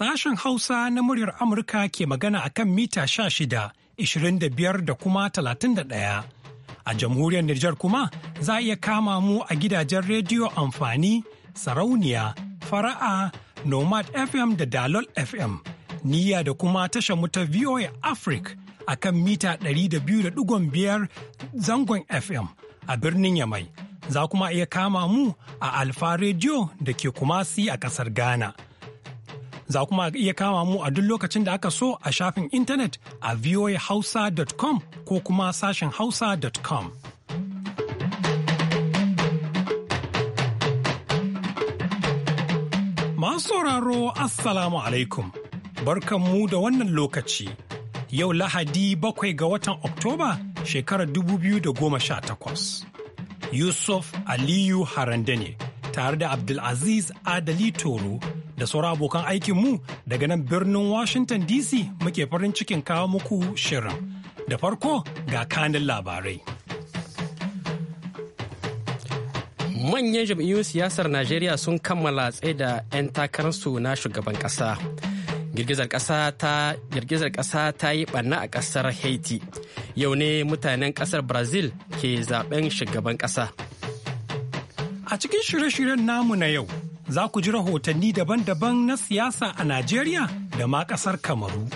Sashen Hausa na muryar Amurka ke magana a kan mita shida, 25 da kuma talatin da ɗaya. A jamhuriyar Nijar kuma za a iya kama mu a gidajen rediyo amfani, sarauniya, fara'a, Nomad FM da Dalol FM, niyya da kuma tashar mu ta VOA Africa a kan mita biyar zangon FM a birnin Yamai. Za kuma iya kama mu a Alfa Radio da ke Kumasi a ƙasar Ghana. Za kuma iya kama mu a duk lokacin da aka so a shafin intanet a voahausa.com ko kuma sashen hausa.com. Masu sauraro Assalamu alaikum, mu da wannan lokaci. Yau Lahadi bakwai ga watan Oktoba shekarar dubu biyu da goma sha takwas, Yusuf Aliyu Harande ne tare da Abdulaziz Adali Toro da sauran abokan aikinmu daga nan birnin Washington DC muke farin cikin kawo muku shirin. Da farko ga kanin labarai. Manyan jam'iyyun siyasar Najeriya sun kammala da 'yan takararsu na shugaban ƙasa. Girgizar ƙasa ta yi ɓanna a ƙasar Haiti. Yau ne mutanen ƙasar Brazil ke zaben shugaban ƙasa. A cikin shirye-shiryen namu na yau, za ku ji rahotanni daban-daban na siyasa a Najeriya da ma ƙasar Kamaru,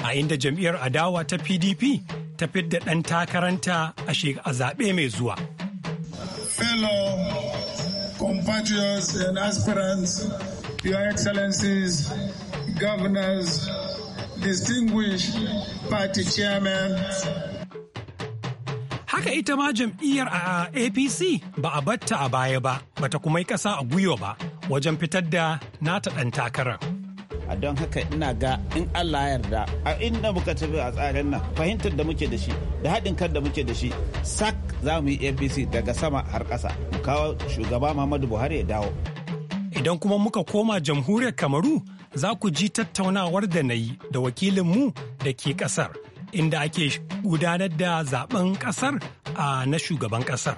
a inda jam'iyyar adawa ta PDP ta fidda ɗan takaranta a zaɓe mai zuwa. Fellow compatriots and aspirants, Your Excellencies, governors, distinguished party chairmen, haka ita ma jam'iyyar a apc ba a batta a baya ba bata kuma yi ƙasa a gwiwa ba wajen fitar da nata ɗan takarar. a don haka ina ga in Allah ya yarda a inda muka tafi a tsarin nan fahimtar da muke da shi da haɗin kan da muke da shi sak za mu yi apc daga sama har ƙasa mu kawo shugaba muhammadu buhari ya dawo idan kuma muka koma jamhuriyar kamaru za ku ji tattaunawar da na yi da wakilinmu da ke ƙasar inda ake gudanar da zaben ƙasar a na shugaban ƙasar.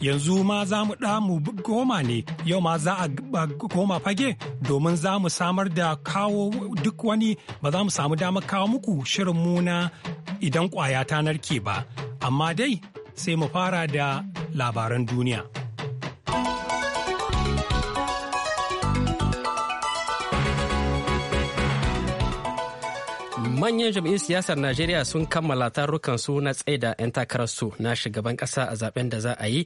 yanzu ma za mu mu goma ne yau ma za a koma fage domin za mu samar da kawo duk wani ba za mu samu damar kawo muku shirin muna idan kwaya ta narke ba amma dai sai mu fara da labaran duniya. manyan jam'iyyun siyasar najeriya sun kammala tarukan su na tsaida 'yan takararsu na shugaban kasa a zaben da za a yi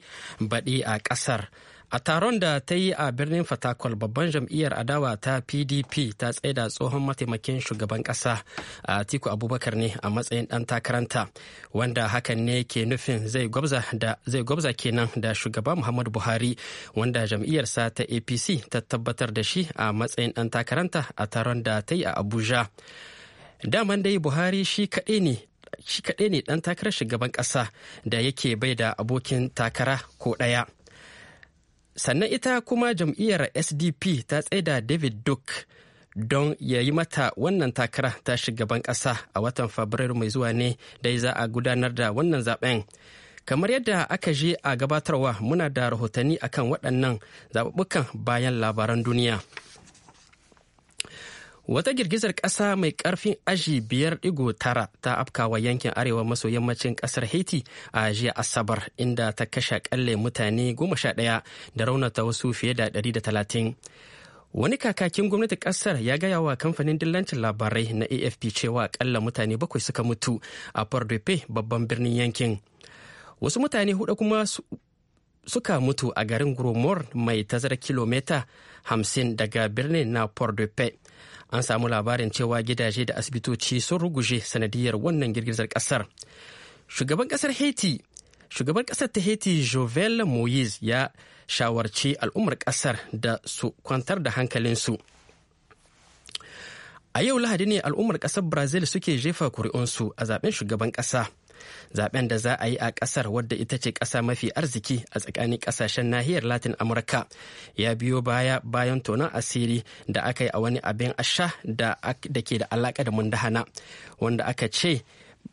baɗi a ƙasar a taron da ta yi a birnin fatakwal babban jam'iyyar adawa ta pdp ta tsaida tsohon mataimakin shugaban ƙasa a tiku abubakar ne a matsayin ɗan takaranta wanda hakan ne ke nufin zai gwabza kenan da shugaba muhammadu buhari wanda jam'iyyarsa ta apc ta tabbatar da shi a matsayin ɗan takaranta a taron da ta yi a abuja daman dai buhari shi kaɗai ne shi kaɗai ne ɗan takarar shugaban ƙasa da yake bai da abokin takara ko ɗaya sannan ita kuma jam'iyyar sdp ta tsaida david duke don ya yi mata wannan takara ta shugaban ƙasa a watan fabrairu mai zuwa ne dai za a gudanar da wannan zaben kamar yadda aka je a gabatarwa muna da rahotanni akan waɗannan zaɓuɓɓukan bayan labaran duniya. Wata girgizar ƙasa mai ƙarfin aji biyar ɗigo tara ta afkawa yankin arewa maso yammacin ƙasar Haiti a jiya Asabar inda ta kashe ƙalle mutane goma sha ɗaya da raunata wasu fiye da ɗari da talatin. Wani kakakin gwamnati ƙasar ya gaya wa kamfanin dillancin labarai na AFP cewa ƙalla mutane bakwai suka mutu a Port babban birnin yankin. Wasu mutane huɗu kuma suka mutu a garin Gromor mai tazara kilomita hamsin daga birnin na port an samu labarin cewa gidaje da asibitoci sun ruguje sanadiyar wannan girgizar kasar shugaban kasar haiti shugaban kasar ta haiti jovel moise ya shawarci al'ummar kasar da su kwantar da hankalinsu a yau lahadi ne al'ummar kasar brazil suke jefa kuri'unsu a zaben shugaban kasa zaben da za a yi a kasar wadda ita ce ƙasa mafi arziki a tsakanin ƙasashen nahiyar latin amurka ya biyo baya bayan tonon asiri da aka yi a wani abin asha da ke da alaƙa da mundahana wanda aka ce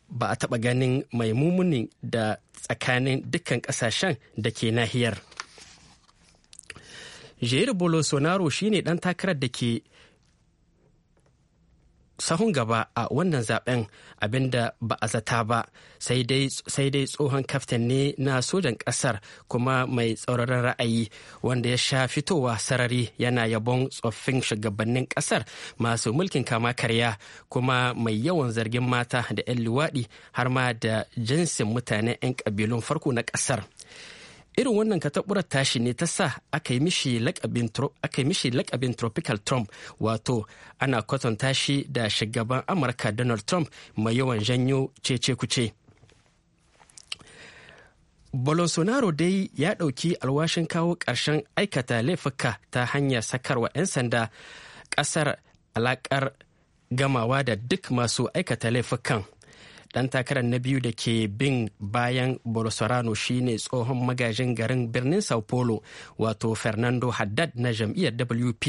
ba a taɓa ganin mai mumuni da tsakanin dukkan ƙasashen da ke nahiyar. Jair Bolsonaro shine ɗan takarar da ke sahun gaba a wannan zaben abinda ba a zata ba sai dai tsohon kaftan ne na sojan kasar kuma mai tsauraran ra'ayi wanda ya sha fitowa sarari yana yabon tsoffin shugabannin kasar masu mulkin kama karya kuma mai yawan zargin mata da 'yan luwaɗi har ma da jinsin mutane 'yan kabilun farko na kasar irin wannan kataɓurar tashi ne ta sa aka yi mishi lakabin tropical trump wato ana kwatanta shi da shugaban amurka donald trump mai yawan janyo cece kuce bolsonaro dai ya ɗauki alwashin kawo ƙarshen aikata laifuka ta hanyar sakarwa 'yan sanda ƙasar alaƙar gamawa da duk masu aikata laifukan dan takarar na biyu da ke bin bayan bolsorano shine tsohon magajin garin birnin sao paulo wato fernando haddad na jam'iyyar wp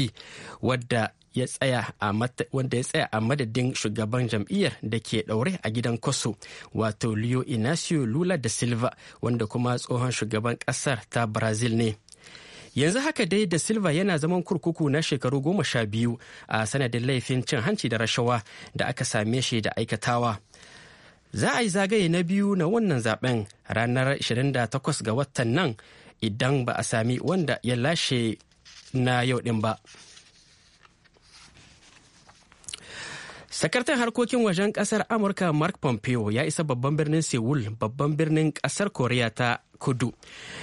wadda ya tsaya a wanda ya tsaya a madadin shugaban jam'iyyar da ke daure a gidan kwaso wato leo inacio lula da silva wanda kuma tsohon shugaban kasar ta brazil ne yanzu haka dai da silva yana zaman kurkuku na shekaru goma sha biyu a sanadin laifin cin hanci da rashawa da aka same shi da aikatawa za a yi zagaye na biyu na wannan zaben ranar 28 ga watan nan idan ba a sami wanda ya lashe na yau din ba Sakartan harkokin wajen kasar Amurka Mark Pompeo ya isa babban birnin Seoul babban birnin kasar Koriya ta kudu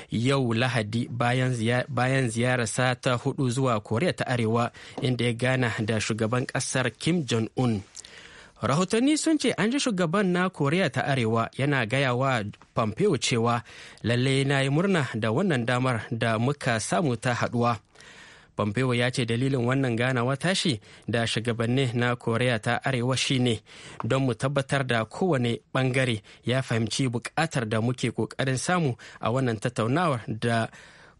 yau lahadi bayan ziyararsa ta hudu zuwa Koriya ta Arewa inda ya gana da shugaban kasar Kim Jong-un. rahotanni sun ce an ji shugaban na koriya ta arewa yana gaya wa pompeo cewa lalle na yi murna da wannan damar da muka samu ta haduwa pompeo ya ce dalilin wannan ganawa tashi da shugabanni na koriya ta arewa shine don mu tabbatar da kowane bangare ya fahimci bukatar da muke kokarin samu a wannan tattaunawar da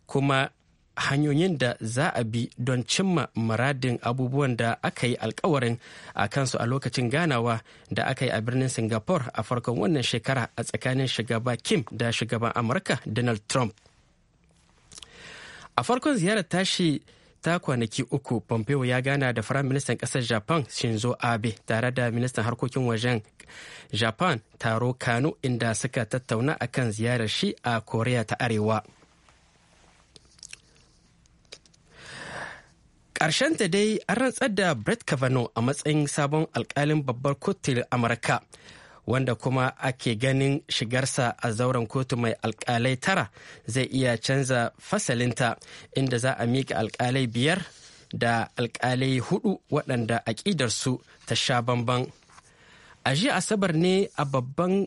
kuma hanyoyin da za a bi don cimma muradin abubuwan da aka yi alkawarin a kansu a lokacin ganawa da aka yi a birnin singapore a farkon wannan shekara a tsakanin shugaba kim da shugaban amurka donald trump a farkon ziyarar tashi ta kwanaki uku pompeo ya gana da ministan kasar japan shinzo abe tare da ministan harkokin wajen japan taro kano inda suka tattauna akan ziyarar shi a korea ta arewa ta dai an rantsar da Brett Kavanaugh a matsayin sabon alkalin babbar kotun Amurka, wanda kuma ake ganin shigarsa a zauren kotu mai alkalai tara zai iya canza fasalinta inda za a mika alkalai biyar da alkalai hudu waɗanda aƙidarsu ta sha bamban. A Asabar ne babban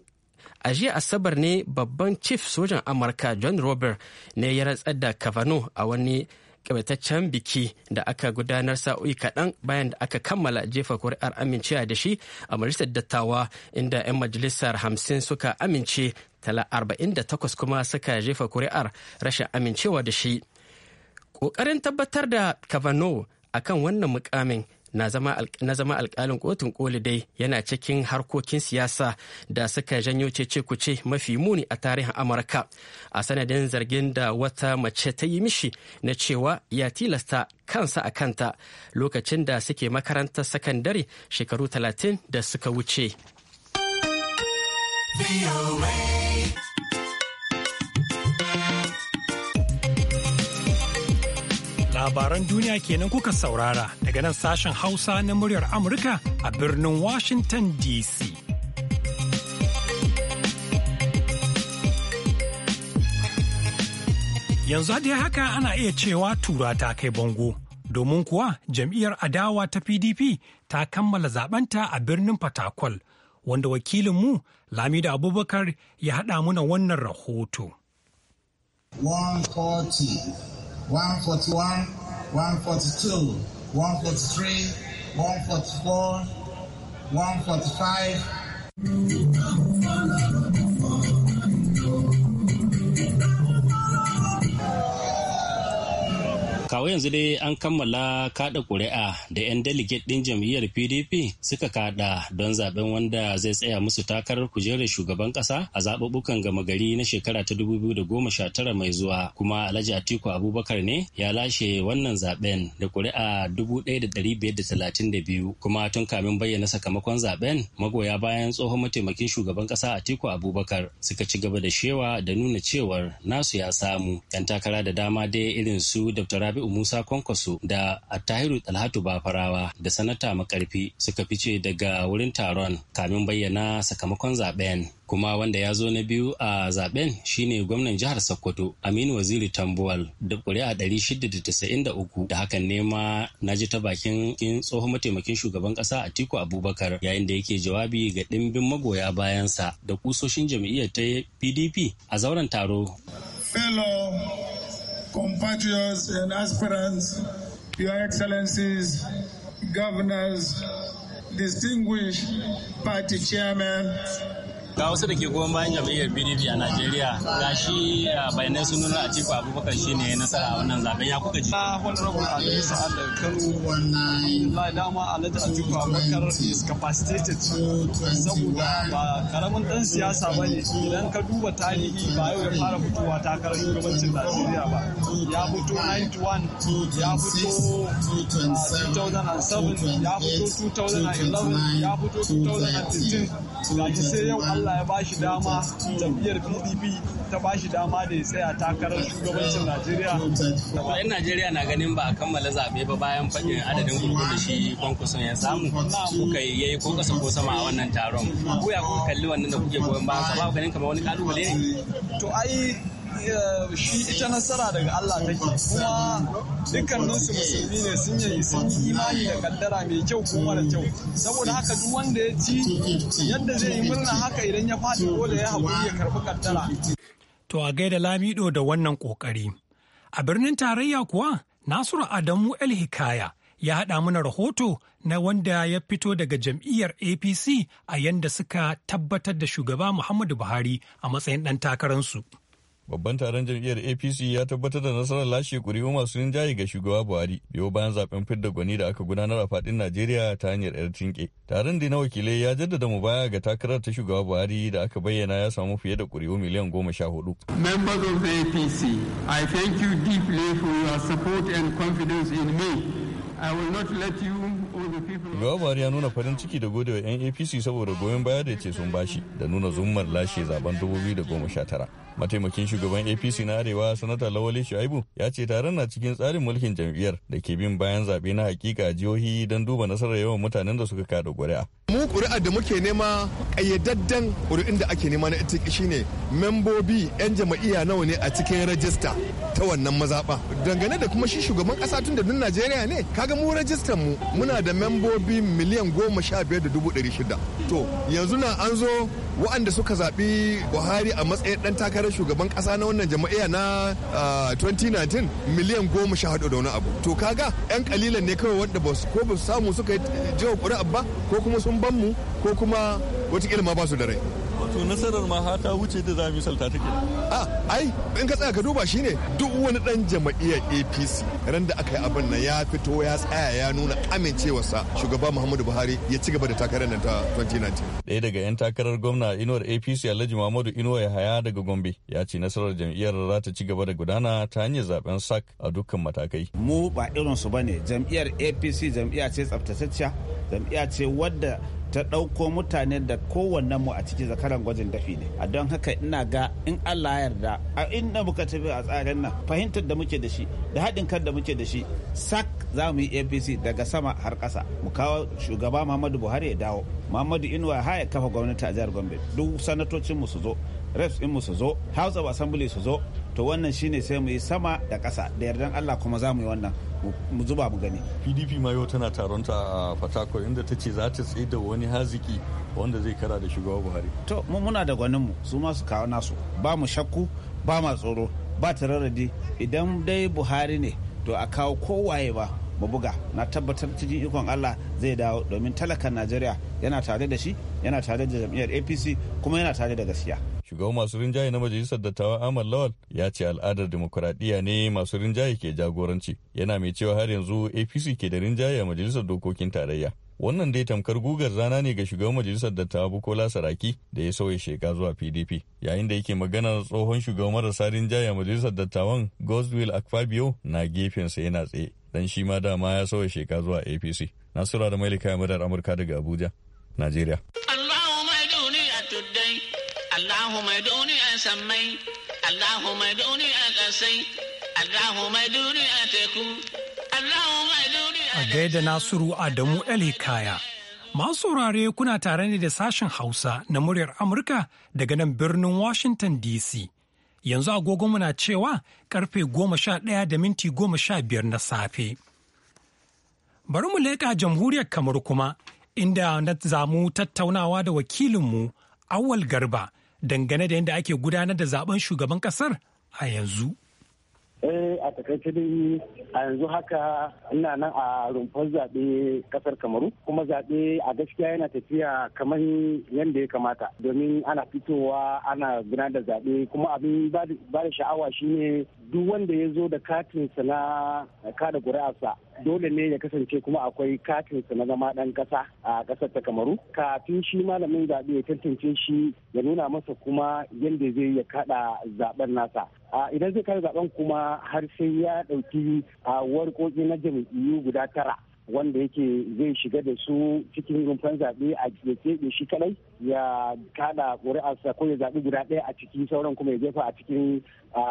a jiya ne babban chief sojan amurka john robert ne ya rantsar da kavanaugh a wani kabataccen biki da aka gudanar sa'o'i kaɗan bayan da aka kammala jefa kuri'ar amincewa da shi a majalisar dattawa inda 'yan majalisar hamsin suka amince tala arba'in da takwas kuma suka jefa kuri'ar rashin amincewa da shi ƙoƙarin tabbatar da a akan wannan mukamin na zama alkalin kotun koli dai yana cikin harkokin siyasa da suka janyo cece-kuce mafi muni a tarihin amurka a sanadin zargin da wata mace ta yi mishi na cewa ya tilasta kansa a kanta lokacin da suke makarantar sakandare shekaru 30 da suka wuce. Labaran duniya kenan kuka saurara daga nan sashen Hausa na muryar Amurka a birnin Washington DC. Yanzu dai haka ana iya cewa tura ta kai bango. Domin kuwa jam'iyyar adawa ta PDP ta kammala zabanta a birnin Fatakwal, wanda wakilinmu Lamido Abubakar ya haɗa muna wannan rahoto. 140 141, 142, 143, 144, 145. kawo yanzu dai an kammala kada kuri'a da 'yan delegate din jam'iyyar pdp suka kada don zaben wanda zai tsaya musu takarar kujerar shugaban kasa a zaɓuɓɓukan gama gari na shekara ta 2019 mai zuwa kuma alhaji atiku abubakar ne ya lashe wannan zaben da kuri'a 1532 kuma tun kamin bayyana sakamakon zaben magoya bayan tsohon mataimakin shugaban kasa atiku abubakar suka ci gaba da shewa da nuna cewar nasu ya samu 'yan takara da dama dai irin su dr rabi Rabi'u Musa Kwankwaso da Attahiru Talhatu Bafarawa da Sanata Makarfi suka fice daga wurin taron kamin bayyana sakamakon zaben. kuma wanda ya zo na biyu a zaben shine gwamnan jihar Sokoto Aminu Waziri Tambuwal da ƙuri'a 693 da hakan ne ma na ji ta bakin tsohon mataimakin shugaban ƙasa a Atiku Abubakar yayin da yake jawabi ga ɗimbin magoya bayansa da kusoshin jam'iyyar ta PDP a zauren taro. Fellow compatriots and aspirants, Your Excellencies, governors, distinguished party chairman, ga wasu da ke goyon bayan jam'iyyar pdp a najeriya ga shi ah, bayanai sun nuna atiku abubakar shi ne nasara a wannan zaben ya kuka ji ah, honorable alhaji sa'ad da kano la dama alhaji atiku abubakar is capacitated saboda ba karamin dan siyasa ba ne idan ka duba tarihi ba yau ya fara fitowa takarar shugabancin najeriya ba ya fito 91 ya fito 2007 ah, ya fito 2011 ya fito 2015 gashi sai yau Allah ya bashi dama jam'iyyar PDP ta bashi dama da ya tsaya takarar shugabancin Najeriya. Yan Najeriya na ganin ba a kammala zaɓe ba bayan faɗin adadin gurgun da shi kwankwason ya samu kuka yi ko ƙasa ko sama a wannan taron. Ko ya kuka kalli wannan da kuke goyon ba ba ganin kamar wani kalubale ne. To ai shi ita nasara daga Allah take kuma dukkaninsu musulmi ne sun yi sun imani da kaddara mai kyau ko mara kyau saboda haka duk wanda ya ci yadda zai yi murna haka idan ya faɗi dole ya haƙuri ya karɓi kaddara. To a gaida Lamido da wannan ƙoƙari. A birnin tarayya kuwa Nasiru Adamu El Hikaya ya haɗa mana rahoto na wanda ya fito daga jam'iyyar APC a yanda suka tabbatar da shugaba Muhammadu Buhari a matsayin ɗan takararsu. babban taron jam'iyyar apc ya tabbatar da nasarar lashe kuri'u masu rinjaye ga shugaba buhari biyo bayan zaben fidda gwani da aka gudanar a fadin najeriya ta hanyar yar tinke taron da na wakilai ya jaddada mu baya ga takarar ta shugaba buhari da aka bayyana ya samu fiye da kuri'u miliyan goma sha hudu members of the apc i thank you deeply for your support and confidence in me i will not let you or the people shugaba buhari ya nuna farin ciki da gode wa 'yan apc saboda goyon baya da ce sun bashi da nuna zummar lashe zaben 2019 mataimakin shugaban apc na arewa sanata lawale shuaibu ya ce taron na cikin tsarin mulkin jam'iyyar da ke bin bayan zaɓe na hakika jihohi don duba nasarar yawan mutanen da suka kada ƙuri'a mu ƙuri'a da muke nema ƙayyadadden ƙuri'in da ake nema na ita shine membobi 'yan jama'iyya nawa ne a cikin rajista ta wannan mazaɓa dangane da kuma shi shugaban ƙasa tun da dun najeriya ne kaga mu rajistan mu muna da membobi zaɓi miliyan goma sha biyar da dubu ɗari shida to yanzu na an zo waɗanda suka zaɓi buhari a matsayin ɗan takarar shugaban ƙasa na wannan jama'iyya na 2019 miliyan goma sha hudu da wani abu to kaga yan kalilan ne kawai wanda ba ko ba samu suka yi jiwa ƙuri'a ba ko kuma sun ban mu ko kuma wata ma ba su da rai to nasarar ma ha ta wuce da za a misalta take a ai in ka tsaya ka duba shine duk wani dan jama'iyyar apc ran da aka yi abin nan ya fito ya tsaya ya nuna sa shugaba muhammadu buhari ya ci gaba da takarar nan ta 2019 ɗaya daga 'yan takarar gwamna inuwar apc alhaji muhammadu inuwa ya haya daga gombe ya ci nasarar jam'iyyar za ta ci gaba da gudana ta hanyar zaben sac a dukkan matakai mu ba irin su bane jam'iyyar apc jam'iyya ce tsaftatacciya jam'iyya ce wadda ta ɗauko mutane da kowanne mu a cikin zakaran gwajin dafi ne a don haka ina ga in allah yarda a inda muka tafi a tsarin nan fahimtar da muke da shi da haɗin kan da muke da shi sak za mu yi apc daga sama har kasa. mu kawo shugaba muhammadu buhari ya dawo muhammadu inuwa ya haya kafa gwamnati a jihar gombe duk sanatocinmu su zo reps in su zo house of assembly su zo to wannan shine sai mu yi sama da ƙasa da yardan Allah kuma za mu yi wannan mu zuba mu gani pdp ma yau tana taron ta a fatako inda ta ce za ta tsaye da wani haziki wanda zai kara da shugaba buhari to mu muna da gwaninmu su ma su kawo nasu ba mu shakku ba ma tsoro ba ta tararradi idan dai buhari ne to a kawo kowaye ba mu buga na tabbatar cikin ikon Allah zai dawo domin talakan Najeriya yana tare da shi yana tare da jam'iyyar APC kuma yana tare da gaskiya shugaban masu rinjaye na majalisar dattawa Ahmad Lawal ya ce al'adar demokuraɗiyya ne masu rinjaye ke jagoranci yana mai cewa har yanzu APC ke da rinjaye a majalisar dokokin tarayya. Wannan dai tamkar gugar zana ne ga shugaban majalisar dattawa Bukola Saraki da ya sauya sheka zuwa PDP yayin da yake maganar tsohon shugaban marasa rinjaye a majalisar dattawan Godswill Akfabio na gefensa yana tsaye dan shi ma dama ya sauya sheka zuwa APC. Nasura da Mailika Yamadar Amurka daga Abuja, Najeriya. Allahumma duni a sammai, Allahumma duni ƙasai, Allahumma duni teku, Allahumma duni a gaida Nasiru Adamu kaya, Masu saurare kuna tare ne da sashen Hausa na muryar Amurka daga nan birnin Washington DC. Yanzu agogonmu muna cewa karfe goma sha ɗaya da minti goma sha biyar na safe. Bari mu leƙa jamhuriyar kamar kuma, inda na zamu tattaunawa da wakilinmu Awal Garba dangane da yadda ake gudanar da zaben shugaban kasar a yanzu. eh a takaice dai a yanzu haka ina nan a rumfar zaɓe ƙasar kamaru kuma zaɓe a gaskiya yana tafiya kamar yadda ya kamata domin ana fitowa ana gina da zaɓe kuma abin ba da sha'awa shine duk wanda ya zo da katinsa na kada ƙuri'arsa dole ne ya kasance kuma akwai katinsa na zama ɗan ƙasa a ƙasar ta kamaru kafin shi malamin zaɓe ya tantance shi ya nuna masa kuma yadda zai ya kada zaɓen nasa idan zai kada zaɓen kuma har sai ya ɗauki warƙoƙi na jam'iyyu guda tara wanda yake zai shiga da su cikin rumfan zaɓe a keɓe shi kadai ya kada ƙuri'arsa ko ya zaɓi guda ɗaya a cikin sauran kuma ya jefa a cikin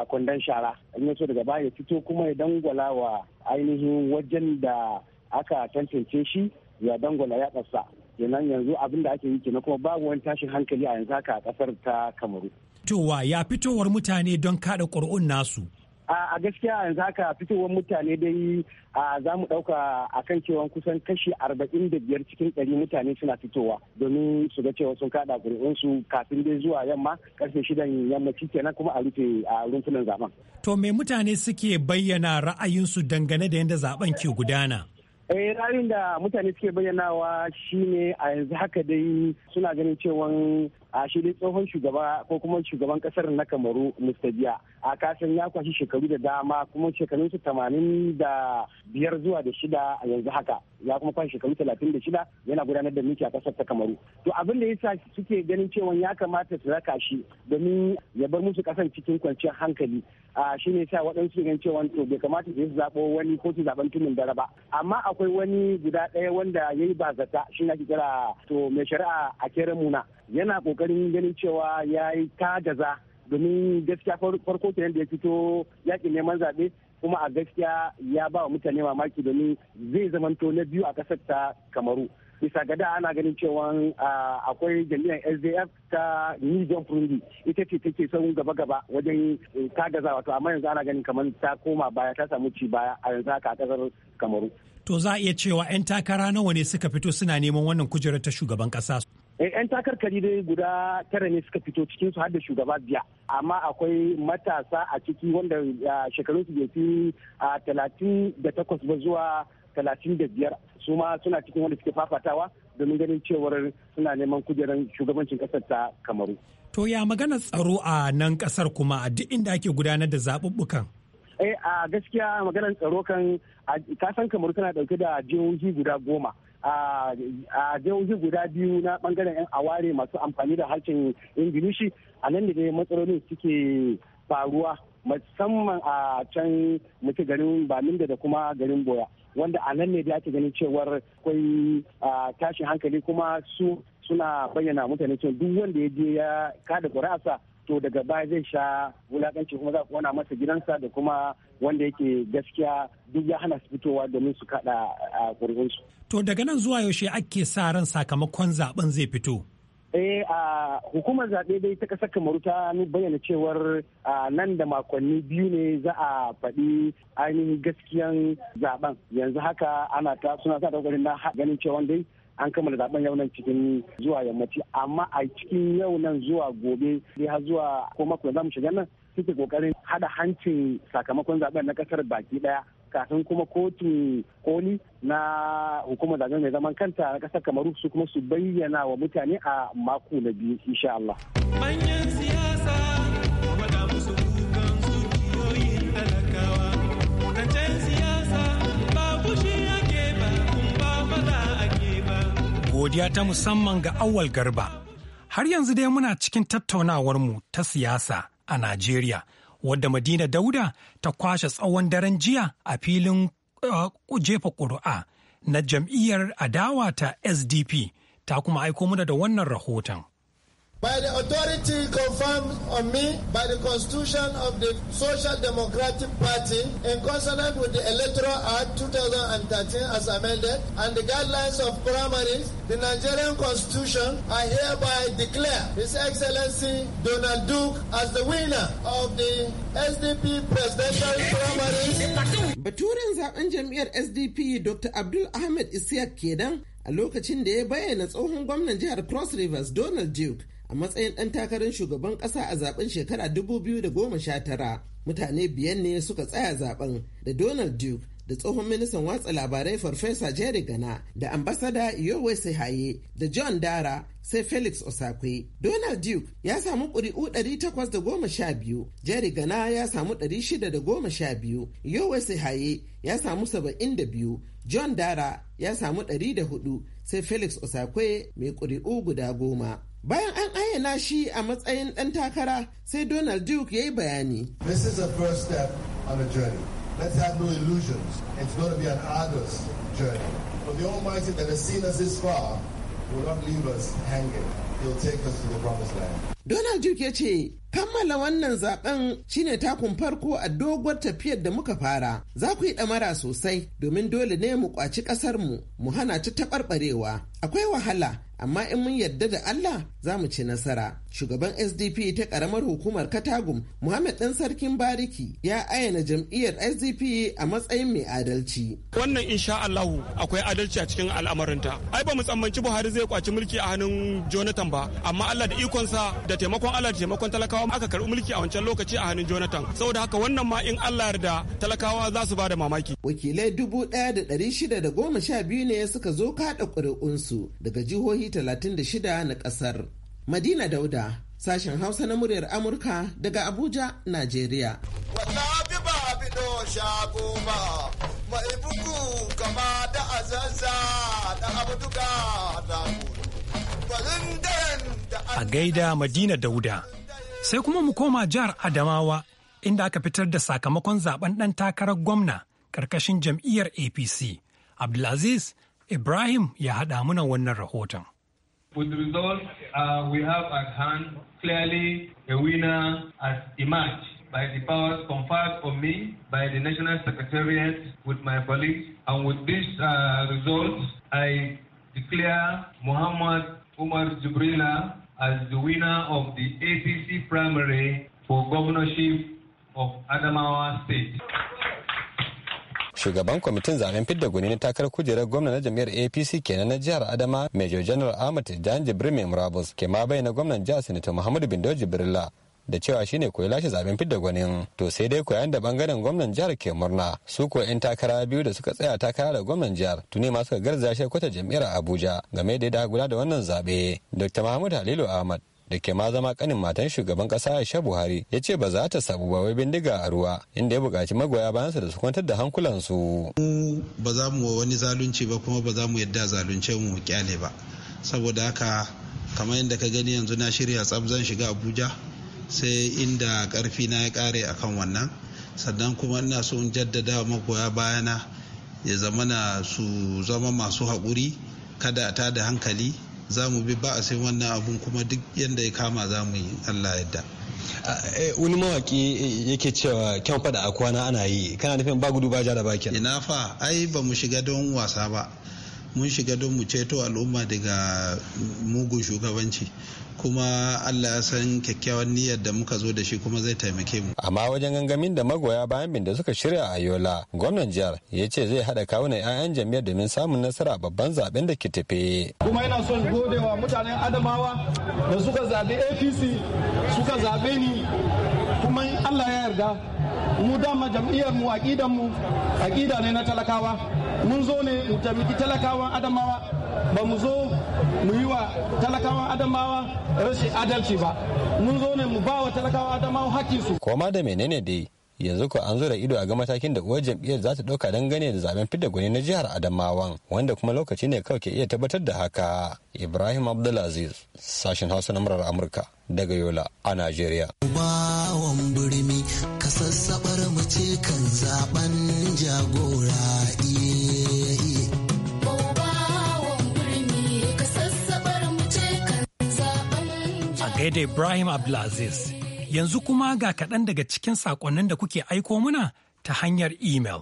kwandon shara in ya so daga baya ya fito kuma ya dangwala wa ainihin wajen da aka tantance shi ya dangwala ya ƙasa kenan yanzu abin da ake yi kenan kuma babu wani tashin hankali a yanzu haka a ƙasar ta kamaru. fitowa ya fitowar mutane don kada ƙuri'un nasu a gaskiya yanzu haka fitowar mutane dai za mu ɗauka a kan cewa kusan kashi arba'in da biyar cikin ɗari mutane suna fitowa domin su ga cewa sun kaɗa ƙuri'unsu kafin dai zuwa yamma karfe shidan yammaci kenan kuma a rufe a rumfunan zaben. To me mutane suke bayyana ra'ayinsu dangane da yadda zaben ke gudana? eh ra'ayin da mutane suke bayyanawa shine a yanzu haka dai suna ganin cewa a shi tsohon shugaba ko kuma shugaban kasar na kamaru Mr. biya a kasan ya kwashi shekaru da dama kuma shekarun su tamanin da biyar zuwa da shida a yanzu haka ya kuma kwashi shekaru talatin da shida yana gudanar da miki a kasar ta kamaru to abin da yasa suke ganin cewa ya kamata su raka shi domin ya bar musu kasan cikin kwanciyar hankali a shi ne sa waɗansu ganin cewa to bai kamata su yi zaɓo wani ko su zaɓen tunin dare ba amma akwai wani guda ɗaya wanda ya yi bazata shi na kira to mai shari'a a kera muna yana ƙoƙarin ganin cewa ya yi gaza. domin gaskiya farko kenan da ya fito yakin neman zaɓe kuma a gaskiya ya ba wa mutane mamaki domin zai zamanto na biyu a ƙasar ta kamaru bisa gada ana ganin cewa akwai jami'an sdf ta nijon furundi ita ce take son gaba-gaba wajen eh, tagaza wato amma yanzu ana ganin kamar ta koma baya ta samu ci baya a yanzu haka a ƙasar kamaru to za a iya cewa 'yan takara nawa ne suka fito suna neman wannan kujerar ta shugaban ƙasa 'yan eh, takarkari dai guda tara ne suka fito cikin su har da shugaba biya amma akwai matasa a ciki wanda shekarun su fi talatin da takwas ba zuwa talatin da biyar su ma suna cikin wanda suke fafatawa domin ganin cewar suna neman kujerar shugabancin kasar ta kamaru to ya magana tsaro a nan kasar kuma a duk inda ake gudanar da zaɓuɓɓukan eh a gaskiya maganar tsaro kan kasan kamaru tana ɗauke da jihohi guda goma a jihohi guda biyu na bangaren 'yan aware masu amfani da harshen ingilishi a nan da matsalolin suke faruwa musamman a can muke garin baminda da kuma garin boya wanda a nan ne da ake ganin cewar kwai tashin hankali kuma su suna bayyana mutane cewa duk wanda ya je ya kada ƙuri'arsa to daga baya zai sha wulakanci kuma za ku wana masa gidansa da kuma wanda yake gaskiya duk ya hana su fitowa domin su kada a kurkunsu. To daga nan zuwa yaushe ake sa ran sakamakon zaben zai fito? Eh a hukumar zaɓe dai ta ƙasar Kamaru ta bayyana cewar nan da makonni biyu ne za a faɗi ainihin gaskiyan zaben yanzu haka ana ta suna sa da na ganin cewa dai an kammala zaben yau nan cikin zuwa yammaci amma a cikin yau nan zuwa gobe sai har zuwa ko mako za mu shiga nan suke kokarin hada hancin sakamakon zaben na kasar baki daya kafin kuma kotun koli na hukumar zaben mai zaman kanta na kasar kamaru su kuma su bayyana wa mutane a mako na biyu insha Allah. godiya ta musamman ga Awal Garba. Har yanzu dai muna cikin tattaunawarmu ta siyasa a Najeriya, wadda Madina Dauda ta kwashe tsawon daren jiya a filin uh, jefa ƙuri'a na jam'iyyar adawa ta SDP ta kuma aiko muna da wannan rahoton. By the authority confirmed on me by the Constitution of the Social Democratic Party in consonance with the Electoral Act 2013 as amended and the guidelines of primaries, the Nigerian Constitution, I hereby declare His Excellency Donald Duke as the winner of the SDP presidential primaries. Baturen zaben jam'iyyar SDP Dr. Abdul Ahmed Isiyak kenan a lokacin da ya bayyana tsohon gwamnan jihar Cross Rivers Donald Duke a matsayin ɗan takarar shugaban ƙasa a zaben shekara 2019 mutane biyan ne suka tsaya zaben da donald duke da tsohon ministan watsa labarai farfesa jerry gana da ambasada iyowe haye da john dara sai felix osakwe donald duke ya samu ƙuri'u 812 jerry gana ya samu 612 iyowe haye ya samu 72 john dara ya samu 104 sai felix osakwe mai ƙuri'u guda goma Bayan an ayyana shi a matsayin ɗan takara sai Donald Duke ya yi bayani. This is a first step on a journey. Let's have no illusions. It's going to be an arduous journey. But the Almighty that has seen us this far will not leave us hanging. He'll take us to the promised land. Donald Duke ya ce, kammala wannan zaben shine takun farko a doguwar tafiyar da muka fara. Za ku yi ɗamara sosai domin dole ne mu ƙwaci ƙasarmu, mu hana ta taɓarɓarewa. Akwai wahala, amma in mun yarda da Allah za mu ci nasara. Shugaban SDP ta ƙaramar hukumar Katagum, Muhammad ɗan sarkin Bariki ya ayyana jam'iyyar SDP a matsayin mai adalci. Wannan insha Allahu akwai adalci a cikin al'amarinta. Ai ba mu tsammanci Buhari zai kwaci mulki a hannun Jonathan ba, amma Allah da ikonsa da taimakon Allah da taimakon talakawa aka karbi mulki a wancan lokaci a hannun Jonathan saboda haka wannan ma in Allah yarda talakawa za su da mamaki wakilai dubu ɗaya da ɗari shida da goma sha biyu ne suka zo kaɗa ƙuri'unsu daga jihohi talatin da shida na ƙasar Madina Dauda sashen Hausa na muryar Amurka daga Abuja Najeriya Ma ibuku mai buku kama da azaza da abu duka da A gaida Madina Dauda. Sai kuma mu koma jihar Adamawa inda aka fitar da sakamakon zaben ɗan takarar gwamna karkashin jam'iyyar APC. Abdulaziz Ibrahim ya haɗa muna wannan rahoton. With the result, uh, we have at hand clearly a winner as emerged by the powers conferred on me by the National Secretariat with my colleagues. And with this uh, result, I declare Muhammad Umar Jibrila as the winner of the APC primary for governorship of Adamawa State. shugaban kwamitin zaben fidda gwani na takarar kujerar gwamna na jami'ar apc kenan na jihar adama major general ahmad jan jibrin mai murabus ke ma bayyana gwamnan jihar sanata muhammadu bindo jibrila da cewa shine ko ya lashe zaben fidda gwanin to sai dai ku yayin da bangaren gwamnan jihar ke murna su ko yan takara biyu da suka tsaya takara da gwamnan jihar tuni ma suka garzaya shi kwata jam'iyyar Abuja game da yadda guda da wannan zabe Dr. Mahmud Halilu Ahmad da ke ma zama kanin matan shugaban kasa Aisha Buhari ya ce ba za ta sabu ba wai bindiga a ruwa inda ya buƙaci magoya bayansa da su kwantar da hankulansu. Ba za mu wani zalunci ba kuma ba za mu yadda zalunce mu kyale ba saboda haka kamar yadda ka gani yanzu na shirya tsab zan shiga Abuja sai inda karfi na ya kare kan wannan sannan kuma ina so in jaddada magoya bayana ya zama na su zama masu haƙuri kada a tada hankali za mu bi ba a sai wannan abun kuma duk yadda ya kama za mu yi allah yadda eh, wani mawaki eh, yake cewa kyan fada a kwana ana yi kana nufin ba gudu ba jara bakin ina fa ai ba mu shiga don wasa ba mun shiga don mu ceto al'umma daga mugun shugabanci kuma allah ya san kyakkyawan niyyar da muka zo da shi kuma zai taimake mu amma wajen gangamin da magoya bayan bin da suka shirya a yola gwamnan jihar ya ce zai haɗa kawuna 'ya'yan jami'ar domin samun nasara babban zaben da ke tafe kuma yana son godewa mutanen adamawa da suka zaɓi apc suka zaɓe ni kuma allah ya yarda mu dama jam'iyyar mu aƙidan mu aƙida ne na talakawa mun zo ne mu taimaki talakawan adamawa ba mu zo mu yi wa talakawa adamawa rashin adalci ba mun zo ne mu ba wa talakawa adamawa hakkinsu. koma da menene dai yanzu ko an zura ido a ga matakin da uwar jam'iyyar za ta ɗauka dangane da zaben fidda gwani na jihar adamawan wanda kuma lokaci ne kawai ke iya tabbatar da haka ibrahim abdulaziz sashen hausa na murar amurka daga yola a najeriya birni ka sassabar kan zaben jagora da Ibrahim Abdulaziz. Yanzu kuma ga kaɗan daga cikin saƙonnin da kuke aiko muna ta hanyar imel.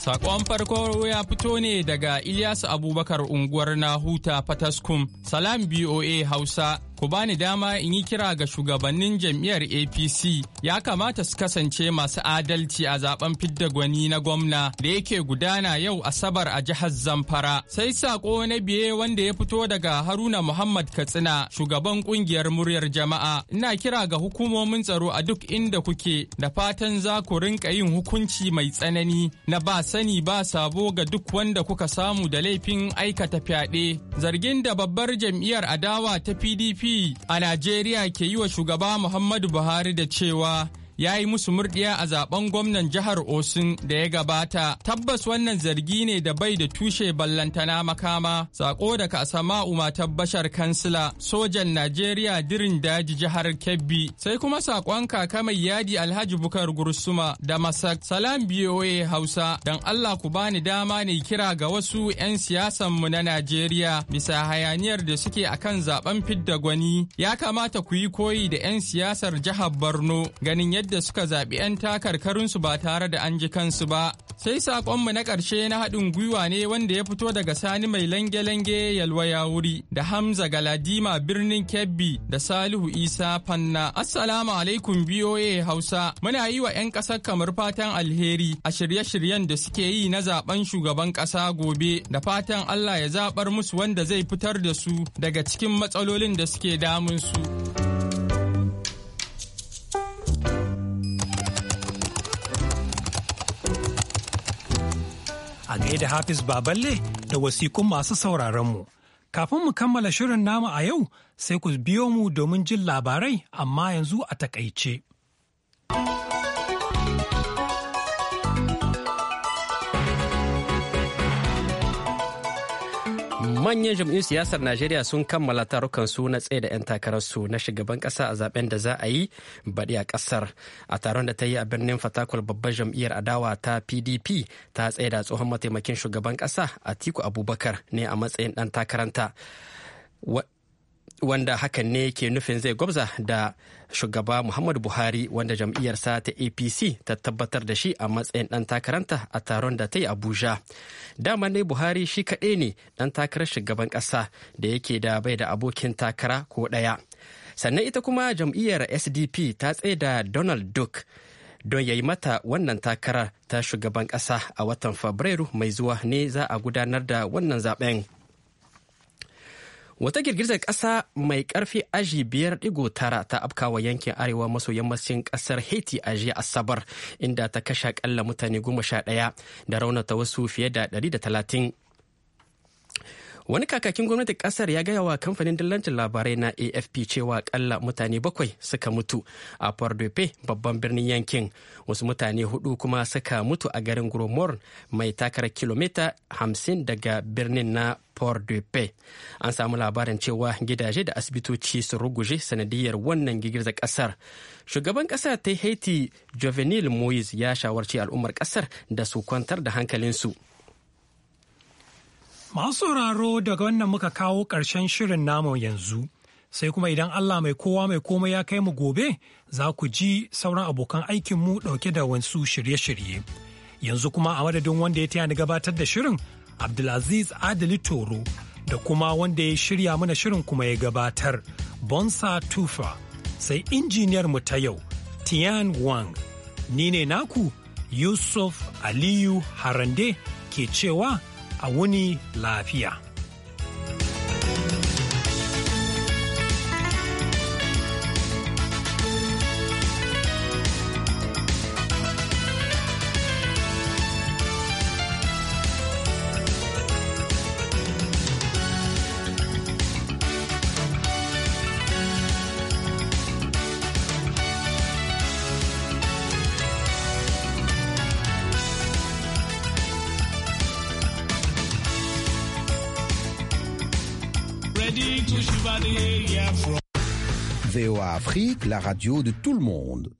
Saƙon farko ya fito ne daga Ilyasu Abubakar unguwar na huta Fataskum Salam BOA Hausa, ku bani dama in yi kira ga shugabannin jam'iyyar APC ya kamata su kasance masu adalci a zaben fidda gwani na gwamna da yake gudana yau Asabar a jihar Zamfara. Sai sako na biye wanda ya fito daga Haruna Muhammad Katsina, shugaban kungiyar muryar jama'a. Ina kira ga hukumomin tsaro a duk inda kuke da fatan za ku rinka yin hukunci mai tsanani na ba sani ba sabo ga duk wanda kuka samu da laifin aikata fyaɗe. Zargin da babbar jam'iyyar adawa ta PDP a Najeriya ke yi wa shugaba Muhammadu Buhari da cewa ya yi musu murdiya a zaben gwamnan jihar Osun da ya gabata. Tabbas wannan zargi ne da bai da tushe ballantana makama. Sako da Asama'u matar bashar kansila sojan Najeriya dirin daji jihar Kebbi. Sai kuma sakon kaka mai yadi Alhaji Bukar Gursuma da Masak Salam BOA Hausa. Dan Allah ku bani dama ne kira ga wasu 'yan siyasanmu na Najeriya bisa hayaniyar da suke akan zaben fidda gwani. Ya kamata ku yi koyi da 'yan siyasar jihar Borno ganin yadda yadda suka zaɓi 'yan takarkarinsu ba tare da an ji kansu ba. Sai saƙonmu na ƙarshe na haɗin gwiwa ne wanda ya fito daga Sani mai lange-lange yalwa ya wuri da Hamza Galadima birnin Kebbi da Salihu Isa Fanna. Assalamu alaikum BOA Hausa. Muna yi wa 'yan ƙasar kamar fatan alheri a shirye-shiryen da suke yi na zaben shugaban ƙasa gobe da fatan Allah ya zaɓar musu wanda zai fitar da su daga cikin matsalolin da suke damunsu. su. a da Hafiz Baballe da wasikun masu sauraronmu. Kafin mu kammala shirin namu a yau sai ku biyo mu domin jin labarai amma yanzu a takaice. manyan jam'iun siyasar najeriya sun kammala tarukansu na tsaye da 'yan takararsu na shugaban kasa a zaben da za a yi baɗi a ƙasar a taron da ta yi a birnin Fatakwal babbar jam'iyyar adawa ta pdp ta tsaye da tsohon mataimakin shugaban ƙasa atiku abubakar ne a matsayin ɗan takaranta wanda hakan ne ke nufin zai gwabza da shugaba muhammadu buhari wanda jam'iyyarsa ta apc ta tabbatar da shi a matsayin ɗan takaranta a taron da ta yi abuja dama ne buhari shi kaɗai ne ɗan takarar shugaban ƙasa da yake da bai da abokin takara ko ɗaya sannan ita kuma jam'iyyar sdp ta tsaye da donald duke don ya yi mata wannan takarar ta shugaban ƙasa a watan fabrairu mai zuwa ne za a gudanar da wannan zaben. Wata girgizar ƙasa mai ƙarfi aji biyar ɗigo tara ta afkawa yankin arewa maso yammacin ƙasar Haiti a jiya Asabar inda ta kashe ƙalla mutane goma sha ɗaya da raunata wasu fiye da ɗari da talatin. Wani kakakin gwamnatin kasar ya gaya wa kamfanin dillancin labarai na AFP cewa kalla mutane bakwai suka mutu a Pardupe babban birnin yankin. Wasu mutane hudu kuma suka mutu a garin Gromor mai takara kilomita hamsin daga birnin na Pardupe. An samu labarin cewa gidaje da asibitoci su ruguje sanadiyar wannan girgizar kasar. Shugaban kasa ta Haiti Juvenile Moise ya shawarci al'ummar kasar da su kwantar da hankalinsu. Masu sauraro daga wannan muka kawo ƙarshen shirin namu yanzu. Sai kuma idan Allah mai kowa mai komai ya kai mu gobe za ku ji sauran abokan aikinmu ɗauke da wasu shirye-shirye. Yanzu kuma a madadin wanda ya taya ni gabatar da shirin Abdulaziz Adali Toro da kuma wanda ya shirya mana shirin kuma ya gabatar Bonsa Tufa sai injiniyar mu ta yau Tian Wang. Ni ne naku Yusuf Aliyu Harande ke cewa a wuni lafiya. la radio de tout le monde.